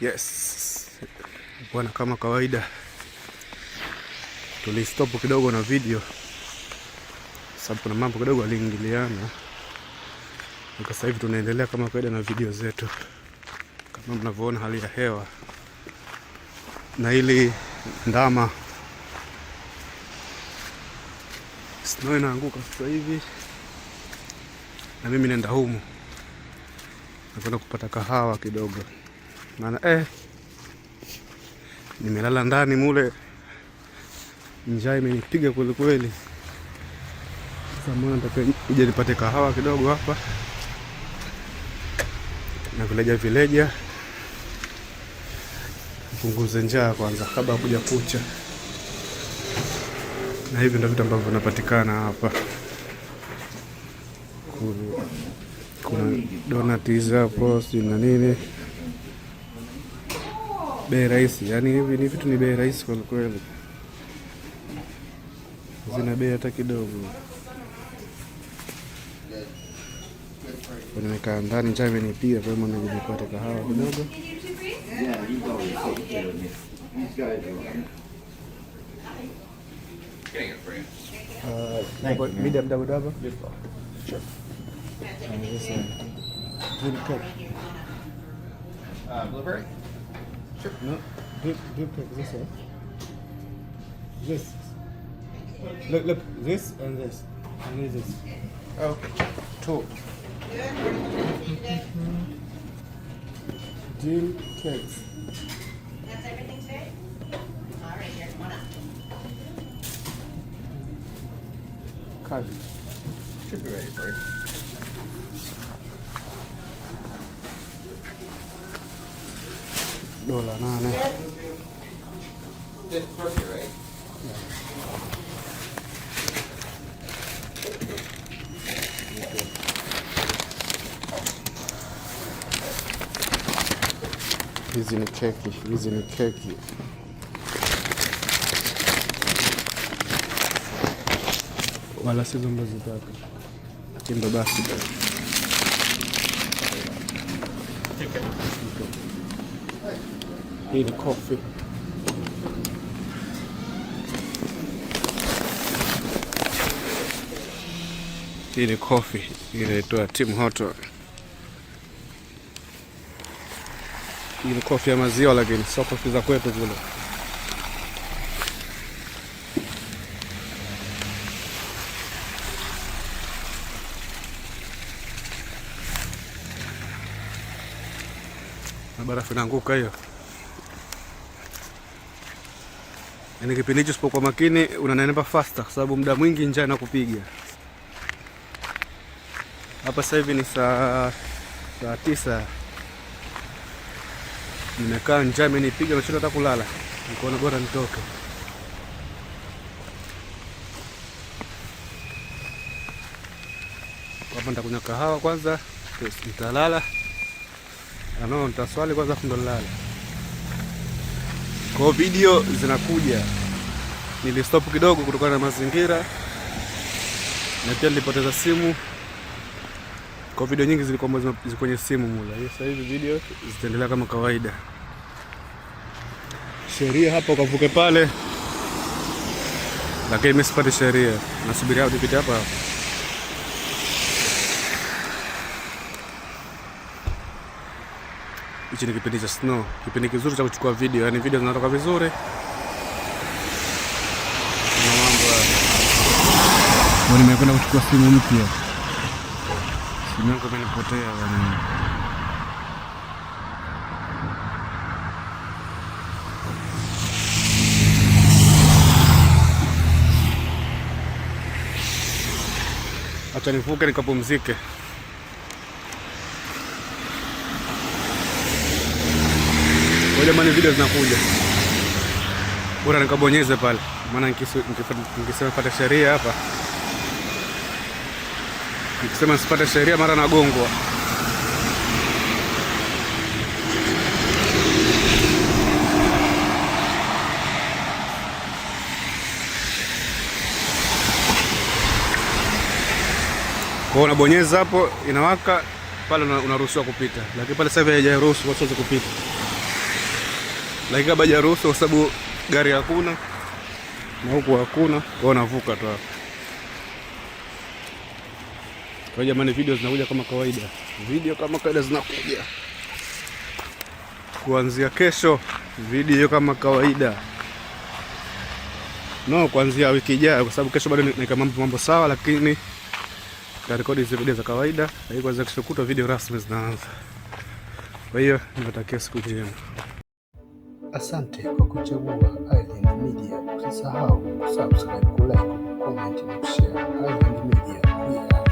Yes bwana, kama kawaida tulistopu kidogo na video sababu kuna mambo kidogo aliingiliana. Sasa hivi tunaendelea kama kawaida na video zetu, kama mnavyoona hali ya hewa na ili ndama snow inaanguka sasa hivi, na mimi nenda humu nakwenda kupata kahawa kidogo maana eh, nimelala ndani mule, njaa imenipiga kweli kweli. Sasa mbona nataka uje nipate kahawa kidogo hapa na vileja vileja, punguze njaa kwanza kabla kuja kucha, na hivi ndio vitu ambavyo vinapatikana hapa. Kuna donati hapo na nini bei rahisi, yaani hivi ni vitu ni bei rahisi kwa kweli, zina bei hata kidogo. Nimekaa ndani chai imenipia, kwa hiyo nimepata kahawa kidogo Uh, Sure. No, do, do pick this one. This. Look, look, this and this. And this. Okay, two. Deal cakes. That's everything today? All right, here's one up. Cut. Should be ready for you. Lola na ano. That's perfect, right? Hizi ni keki, hizi ni keki. Wala basi. Hii ni coffee. Hii ni coffee inaitwa Tim Hortons. Hii ni coffee ya maziwa, lakini sio coffee za kwetu kule. Barafu inaanguka hiyo. Yaani kipindi hicho kwa makini unanenepa faster kwa sababu muda mwingi njaa inakupiga. Hapa sasa hivi ni saa saa tisa. Nimekaa njaa imenipiga na hata kulala. Nikaona bora nitoke. Hapa nitakunywa kahawa kwanza, nitalala. Ano, nitaswali kwanza ndo nilale. Kwa video zinakuja. Nilistop kidogo kutokana na mazingira na pia nilipoteza simu, kwa video nyingi zilikuwa ziko kwenye simu mula. Sasa hivi video zitaendelea kama kawaida. Sheria hapa ukavuke pale, lakini mimi sipati sheria, nasubiri hadi hapa hapa. Hichi ni kipindi cha snow, kipindi kizuri cha kuchukua video, yani video zinatoka vizuri Nimekwenda kuchukua simu mpya, simu yangu imenipotea bwana. Acha nivuke nikapumzike. Jamani, video zinakuja, bora nikabonyeze pale, maana nikisema pata sheria hapa, nikisema sipata sheria mara nagongwa. Kwa unabonyeza hapo, inawaka pale, unaruhusiwa kupita, lakini pale sasa hivi haijaruhusu watu kupita lakini kabla hajaruhusu kwa sababu gari hakuna na huku hakuna kwa wanavuka tu hapo. Kwa jamani, video zinakuja kama kawaida, video kama kawaida zinakuja kuanzia kesho, video kama kawaida no, kuanzia wiki ijayo, kwa sababu kesho bado nika mambo mambo sawa, lakini tarekodi hizi video za kawaida, lakini kuanzia kesho kutwa video rasmi zinaanza. Kwa hiyo niwatakia siku njema. Asante kwa kuchagua Island Media. Usisahau kusubscribe, kulike, comment na kushare. Island Media pia